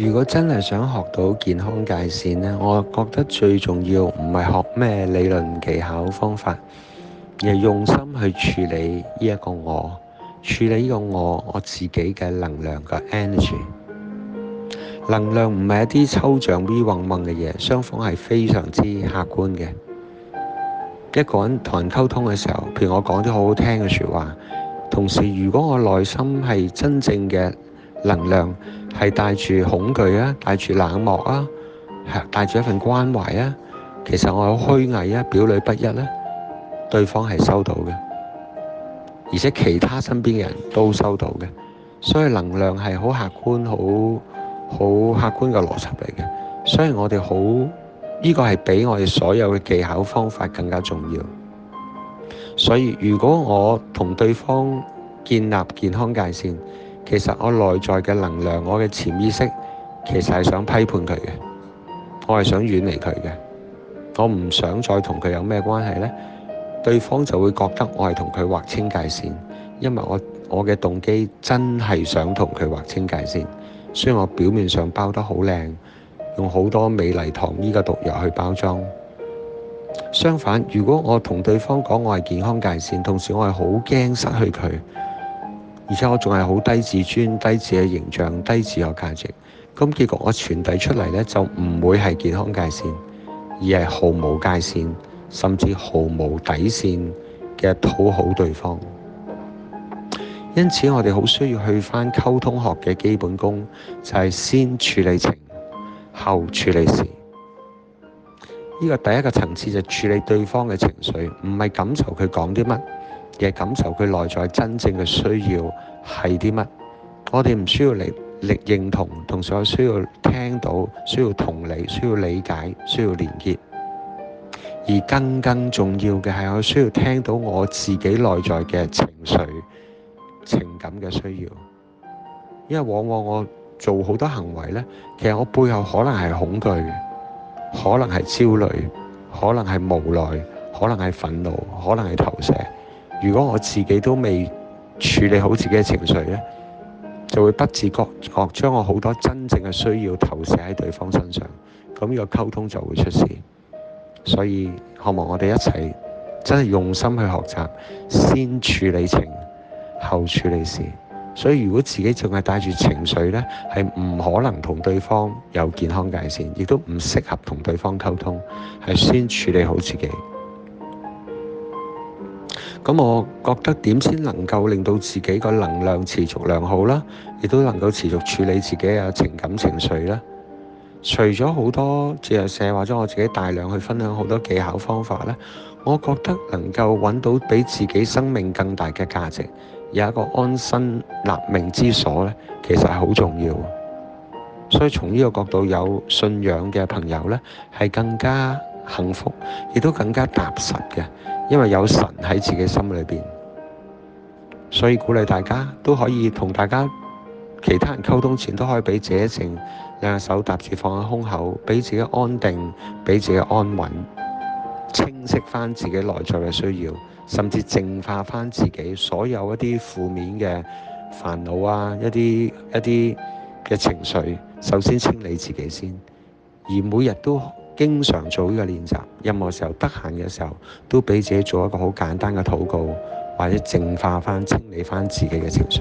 如果真係想學到健康界線咧，我覺得最重要唔係學咩理論技巧方法，而係用心去處理呢一個我，處理呢個我我自己嘅能量嘅 energy。能量唔係一啲抽象、虛妄、夢嘅嘢，雙方係非常之客觀嘅。一個人同人溝通嘅時候，譬如我講啲好好聽嘅説話，同時如果我內心係真正嘅。能量係帶住恐懼啊，帶住冷漠啊，係帶住一份關懷啊。其實我好虛偽啊，表裏不一咧。對方係收到嘅，而且其他身邊嘅人都收到嘅。所以能量係好客觀，好好客觀嘅邏輯嚟嘅。所以我哋好，呢個係比我哋所有嘅技巧方法更加重要。所以如果我同對方建立健康界線。其實我內在嘅能量，我嘅潛意識其實係想批判佢嘅，我係想遠離佢嘅，我唔想再同佢有咩關係呢，對方就會覺得我係同佢劃清界線，因為我我嘅動機真係想同佢劃清界線，所以我表面上包得好靚，用好多美麗糖衣嘅毒藥去包裝。相反，如果我同對方講我係健康界線，同時我係好驚失去佢。而且我仲係好低自尊、低自己形象、低自我價值，咁結果我傳遞出嚟呢，就唔會係健康界線，而係毫無界線，甚至毫無底線嘅討好對方。因此我哋好需要去翻溝通學嘅基本功，就係、是、先處理情，後處理事。呢、這個第一個層次就係處理對方嘅情緒，唔係感受佢講啲乜。嘅感受，佢內在真正嘅需要係啲乜？我哋唔需要你嚟認同，同時我需要聽到，需要同理，需要理解，需要連結。而更更重要嘅係，我需要聽到我自己內在嘅情緒、情感嘅需要，因為往往我做好多行為咧，其實我背後可能係恐懼，可能係焦慮，可能係無奈，可能係憤怒，可能係投射。如果我自己都未處理好自己嘅情緒呢，就會不自覺覺將我好多真正嘅需要投射喺對方身上，咁呢個溝通就會出事。所以渴望我哋一齊真係用心去學習，先處理情，後處理事。所以如果自己仲係帶住情緒呢，係唔可能同對方有健康界線，亦都唔適合同對方溝通。係先處理好自己。咁我覺得點先能夠令到自己個能量持續良好啦，亦都能夠持續處理自己嘅情感情緒啦。除咗好多自在社或者我自己大量去分享好多技巧方法咧，我覺得能夠揾到比自己生命更大嘅價值，有一個安身立命之所咧，其實係好重要。所以從呢個角度有信仰嘅朋友咧，係更加。幸福亦都更加踏實嘅，因為有神喺自己心裏邊。所以鼓勵大家都可以同大家其他人溝通前，都可以俾自己靜，兩隻手搭住放喺胸口，俾自己安定，俾自己安穩，清晰翻自己內在嘅需要，甚至淨化翻自己所有一啲負面嘅煩惱啊，一啲一啲嘅情緒，首先清理自己先，而每日都。經常做呢個練習，任何時候得閒嘅時候，都俾自己做一個好簡單嘅禱告，或者淨化翻、清理翻自己嘅情緒。